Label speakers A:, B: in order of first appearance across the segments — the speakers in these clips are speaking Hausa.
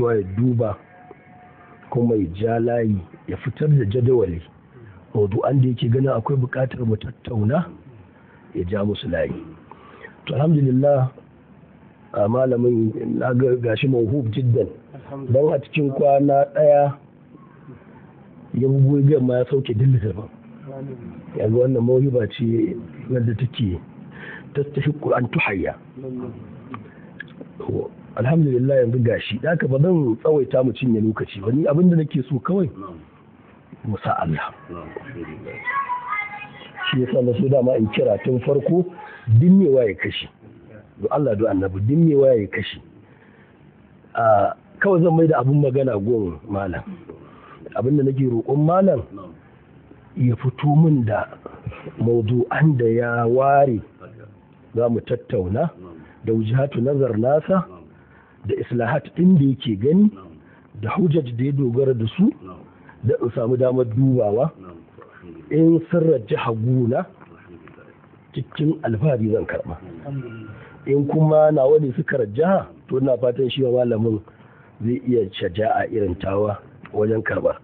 A: cewa ya duba kuma ya ja layi ya fitar da jadawali maudu'an da yake ganin akwai buƙatar mu tattauna ya ja musu layi to alhamdulillah a malamin na gashi mahuf jiddan don a cikin kwana ɗaya ya bugu ma ya sauke duk ba yanzu wannan mawhiba ce wadda take tattashi qur'an tuhayya alhamdulillah yanzu gashi da haka ba zan tsawaita mu cinye lokaci ba ni abinda nake so kawai musa Allah shi yasa na so dama in kira tun farko dinnewa ya kashi do Allah do annabi dinnewa ya kashi a kawai zan mai da abun magana gon malam abin da nake roƙon malam ya fito min da maudu'an da ya ware za mu tattauna da wujhatu nazar nasa da islahat ɗin da yake gani da hujjaj da ya dogara da su da in samu damar dubawa in sun haguna cikin alfahari zan karba in kuma na wani suka jiha to na fatan shi malamin zai iya caja a irin tawa wajen karba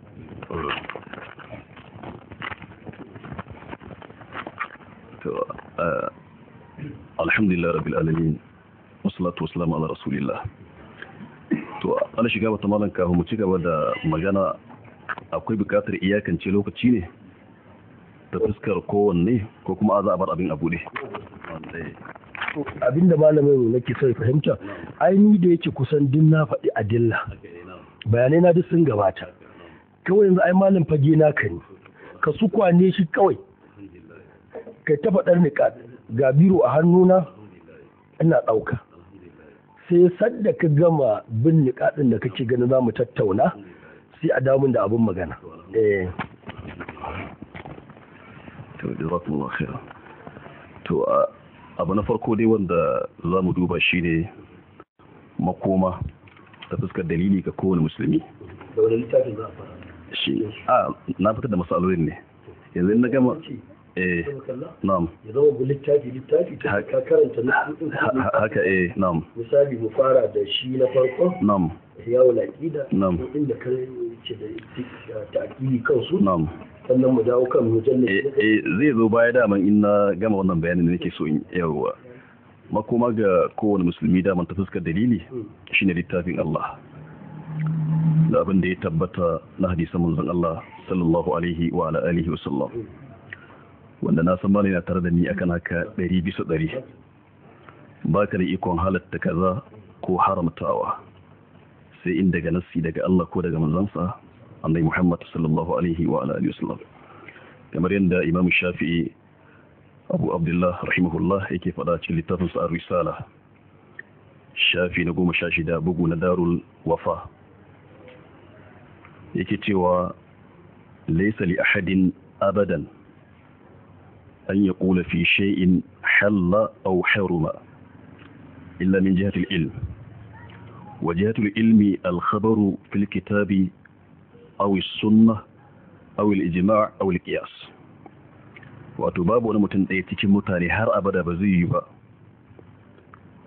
B: eh, alhamdulillah rabbil alamin wasu wasalamu ala rasulillah to ana shiga bata malam kafin mu ci gaba da magana akwai bukatar iyakance lokaci ne ta fuskar kowanne ko kuma a za a bar abin abu ne
A: abin da malamin mu nake sai fahimta ainihi da yake kusan din na faɗi dilla. bayanai na duk sun gabata kawai yanzu ai malam fage na ka ne ka su kwane shi kawai kai ta faɗar ni ga biro a hannuna ina ɗauka sai sadda ka gama bin niƙaɗin da kake ganin za mu tattauna sai a damun da abin magana
B: eh. to abu na farko dai wanda za mu duba ne makoma ta fuskar dalili ga kowane musulmi
A: da wani littafin za a fara
B: shi a na fitar da masalolin ne yanzu na gama eh na'am
A: ya zama bu littafi littafi ka karanta na eh na'am da zai
B: zo baya daman in na gama wannan bayanin da nake so in yawa makoma ga kowane musulmi daman ta fuskar dalili hmm. shine littafin Allah da abin da ya tabbata na hadisan manzon Allah sallallahu alaihi wa alihi wa sallam hmm. wanda na san bana na tare da ni akan haka ɗari bisa ɗari ba ka da ikon halatta kaza ko haramtawa sai in daga nasi daga Allah ko daga manzansa annai Muhammad sallallahu alaihi wa alihi wasallam kamar yadda Imam Shafi'i Abu Abdullah rahimahullah yake faɗa cikin littafin sa Risala shafi na goma sha shida bugu na Darul Wafa yake cewa laysa li ahadin abadan أن يقول في شيء حل أو حرم إلا من جهة العلم وجهة العلم الخبر في الكتاب أو السنة أو الإجماع أو القياس وأتباب ونمتن أيتك متاني هر أبدا بزيبا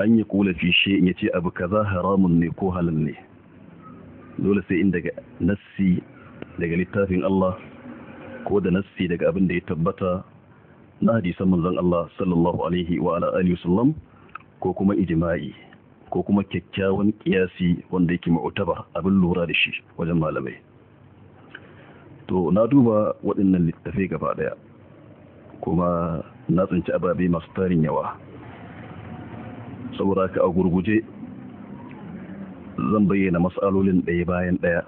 B: أن يقول في شيء يتي أبو كذا هرام kaza لني دولة سيئن halal نسي dole لتافين الله كود نسي daga littafin Allah ko na hadisan manzon Allah sallallahu alaihi wa ala wasallam ko kuma ijma'i ko kuma kyakkyawan kiyasi wanda yake ma'utaba abin lura da shi wajen malamai to na duba waɗannan littafai gaba ɗaya, kuma na tsinci ababe masu tarin yawa saboda ka a gurguje zan bayyana matsalolin ɗaya bayan ɗaya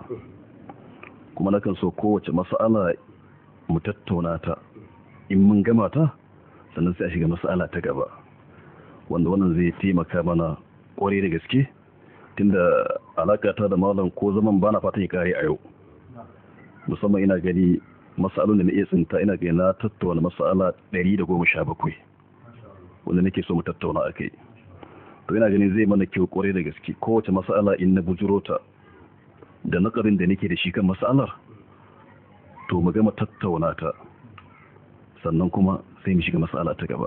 B: kuma nakan so kowace matsala mu tattauna ta in mun gama ta sannan sai a shiga ala ta gaba wanda wannan zai taimaka mana kwarai da gaske tunda alaka ta da malam ko zaman bana fata ya kare a yau musamman ina gani alun da na iya tsinta ina gani na tattauna sha 117 wanda nake so mu tattauna kai to ina ganin zai mana kyau kwarai da gaske kowace masala in na bujuro ta da nakarin da nake da shi kan matsalar to mu gama tattauna ta sannan kuma sai mu shiga mas'ala ta gaba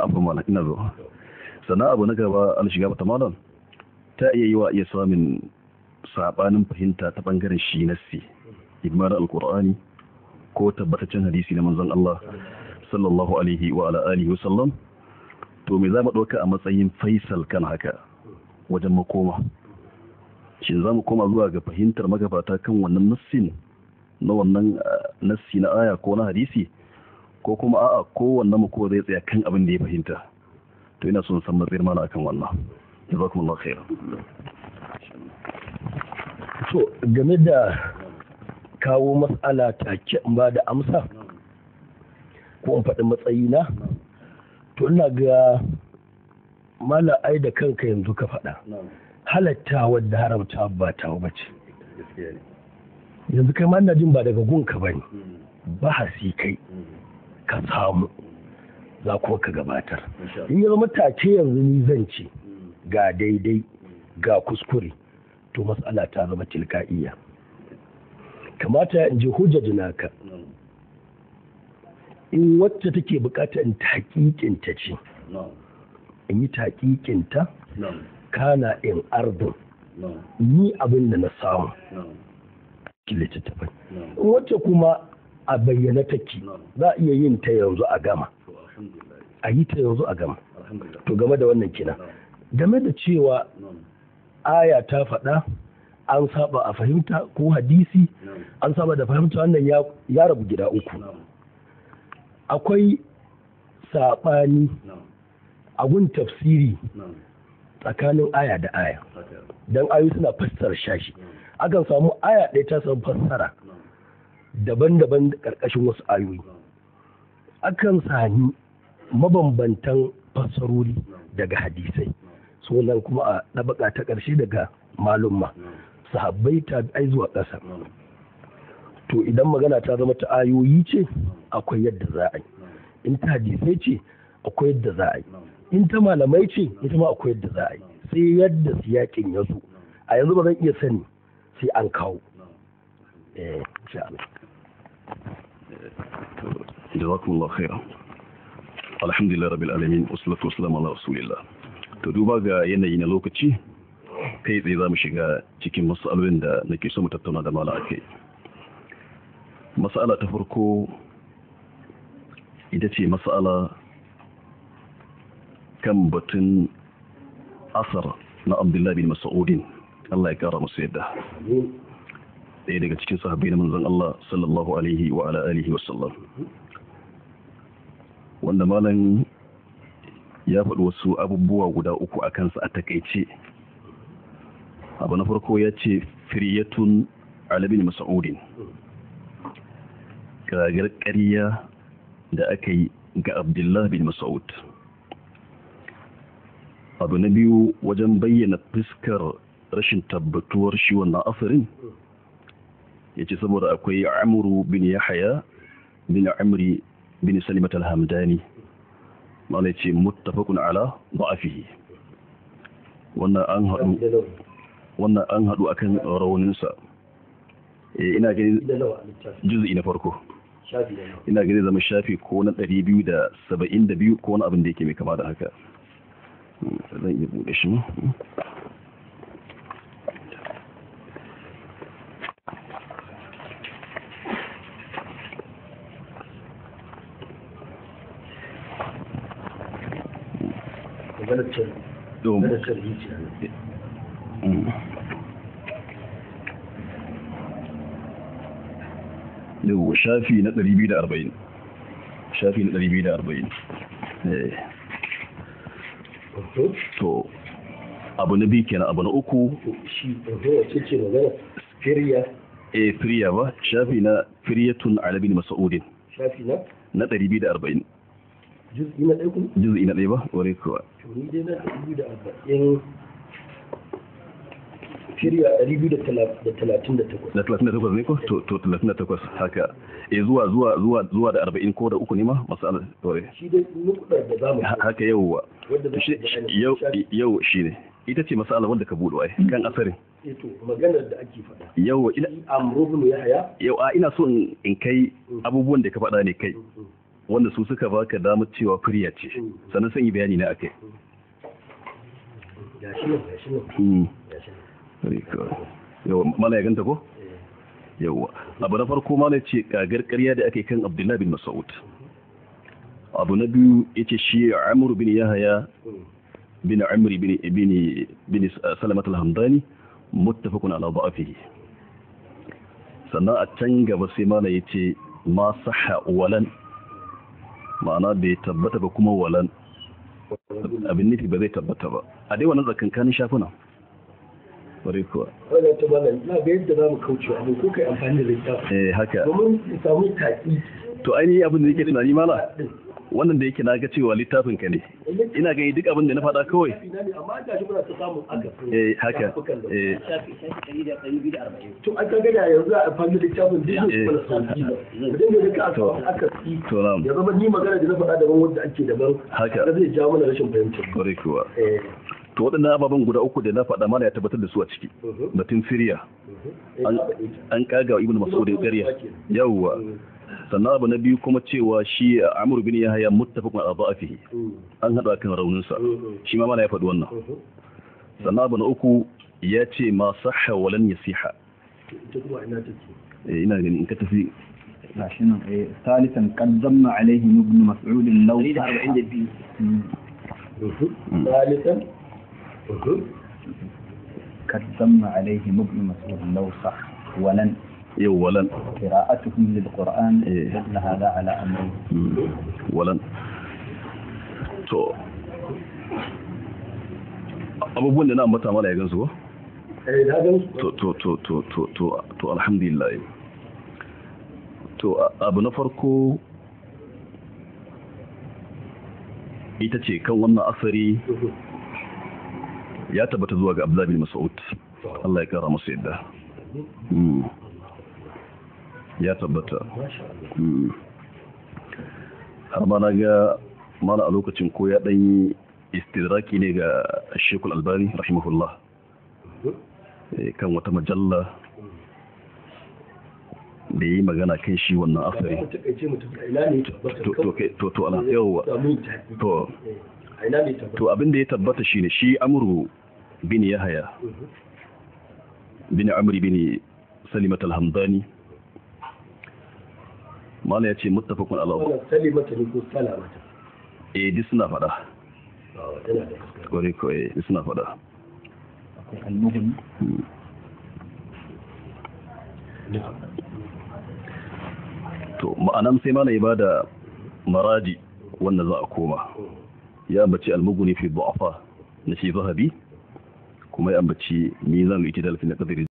B: abu malam ina zo sannan abu na gaba an shiga mata malam ta iya yi wa iya samun sabanin fahimta ta bangaren shi nassi Al-Qur'ani ko tabbataccen hadisi na manzon Allah sallallahu alaihi wa ala alihi wa sallam to me za mu ɗauka a matsayin faisal kan haka wajen makoma shin za mu koma zuwa ga fahimtar magabata kan wannan nassin na wannan eh, nassi na aya ko na hadisi ko kuma a'a kowanne mu kowa zai tsaya kan abin da ya fahimta to ina son san matsayin mana akan wannan jazakumullahu khair to game da kawo matsala take in ba da
A: amsa ko in faɗi matsayina to ina ga mala ai da kanka yanzu ka faɗa halatta wadda haramta ba ta ba ce yanzu kai ma ina jin ba daga gunka ba ne ba hasi kai mm. ka samu za kuma ka gabatar in ya zama take yanzu ni zan ce ga daidai ga kuskure to matsala ta zama tilka'iya kamata in ji hujjajina ka in wacce take bukata in taƙiƙinta ce in yi taƙiƙinta kana in ardun ni abin da na samu littattafai wacce kuma a bayyana take za a iya yin ta yanzu a gama a yi ta yanzu a gama to game da wannan kina game da cewa aya ta faɗa an saba a fahimta ko hadisi an saba da fahimta wannan ya rabu gida uku akwai saɓani a tafsiri tsakanin aya da aya don ayu suna fassara shashi akan samu aya ɗaya ta samu fassara daban-daban ƙarƙashin wasu ayoyi akan sami mabambantan fassarori daga hadisai sunan kuma a ɗabaƙa ta ƙarshe daga malumma sahabbai ai zuwa ƙasa to idan magana ta zama ta ayoyi ce akwai yadda za a yi in ta hadisai ce akwai yadda za a yi in ta malamai ce ita ma akwai yadda za a yi sai yadda siyaƙin ya zo a yanzu ba zan iya sani
B: sai an kawo eh insha jazakumullahu khairan alhamdulillah rabbil alamin wassalatu wassalamu rasulillah to duba ga yanayi na lokaci kai tsaye za mu shiga cikin masalolin da nake so mu tattauna da mala masala ta farko ita ce masala kan batun asar na abdullahi bin mas'udin Allah ya kara masu yadda ɗaya daga cikin sahabbai na manzon Allah sallallahu alaihi wa ala alihi wa sallam wanda malam ya faɗi wasu abubuwa guda uku a kansa a takaice abu na farko ya ce firyatun Alamin masa'udin gagar ƙarya da aka yi ga abdullahi bin mas'ud abu na biyu wajen bayyana fuskar rashin tabbatuwar shi wannan afirin ya ce saboda akwai amuru bin yahaya bin amri bin salimat al-hamdani ma'ana ce muttafaqun ala da'afihi wannan an haɗu wannan an haɗu akan rauninsa eh, ina gani juz'i na farko ina gani zama shafi ko na 272 ko wani abin da yake mai kama da haka hmm, zan iya buɗe shi دوم يو يعني. شافي نا 240 شافي نا 240 ايه تو ابو نبي كان ابو نا اوكو هو
A: تشي مغرب فريا
B: ايه فريا با شافي نا فريا على ابن مسعود شافي نا نا 240
A: juz'i na ɗaya kuma
B: juz'i na ɗaya ba ware kuwa
A: to ni dai na ɗari da arba'in shirya ɗari biyu da talatin da takwas
B: da talatin da takwas ne ko to talatin da takwas haka e zuwa zuwa zuwa zuwa da arba'in ko da uku ne ma masala ware
A: shi dai nukudar da zamu haka
B: yauwa yau yau shi ne ita ce masala wanda ka buɗe eh, kan asarin
A: eh, to maganar da ake faɗa
B: yau ina a ina so in kai mm. abubuwan da ka faɗa ne kai mm. wanda su suka baka damar cewa firya ce mm. sannan sun yi bayani na akai mm. mala ya ganta ko eh. yawa abu na farko mala ce kagar karya da ake kan abdullahi bin mas'ud abu na biyu yace shi amr bin yahaya mm. bin amr bin bin bin salamat al-hamdani muttafaqun ala da'fihi sannan a can gaba sai ya ce ma saha walan ma'ana bai tabbata ba kuma walan abin nufi ba zai tabbata ba a dai wannan tsakankanin shafuna bari kuwa wannan ta malam na ga yadda za mu kauce abu ko kai amfani da littafi eh haka domin mu samu taƙi to ainihin abin da yake tunani mala wannan da yake na ga cewa littafin ka ne ina ga duk abin da na faɗa kawai
A: eh haka eh
B: to an kaga da yanzu a fannin littafin ne business philosophy da duka aka aka to ya zama ni magana da na faɗa daban wanda ake daban haka zai ja mana rashin fahimta kore kuwa eh. to waɗannan ababen guda uku da na faɗa mana ya tabbatar da su a ciki mhm. batun siriya mhm. eh, an kaga ibn mas'ud ƙarya yawwa mm. sannan abu na biyu kuma cewa shi amur bin yahya muttafaqun ala da'afihi an hada kan raunin sa shi ma mana ya faɗi wannan sannan abu na uku ya ce ma sahha walan yasiha eh, ina ganin in ka tafi عشان ثالثا قد ذم عليهم ابن مسعود لو ثالثا قد ذم عليهم ابن مسعود لو صح ولن yau قراءتكم للقران lil eh. hmm. to abubuwan da na ambata mana ya gansu ko eh, to to abu na farko ita ce kan wannan asari ya tabbata zuwa ga Abdullahi bin Mas'ud Allah ya kara masa yadda ya tabbata har hmm. ma na ga mana a lokacin ko ya ɗanyi istiraki ne ga shekul albani rahimahullah eh, kan wata majalla da yi magana kan shi wannan asari to to ala yawa to
A: eh, to
B: abin da ya tabbata shine shi amru bin yahaya mhm. bin amri bin salimat al-hamdani mana ya ce muttafaqun ala sali
A: salimata ne ko mata
B: eh duk suna faɗa gore ko eh na suna faɗa akwai hmm. to ma'anan sai mana ya da maradi wanda za a koma ya ambaci almuguni fi bu'afa na shi zahabi kuma ya ambaci mizan ikidal fi na qadri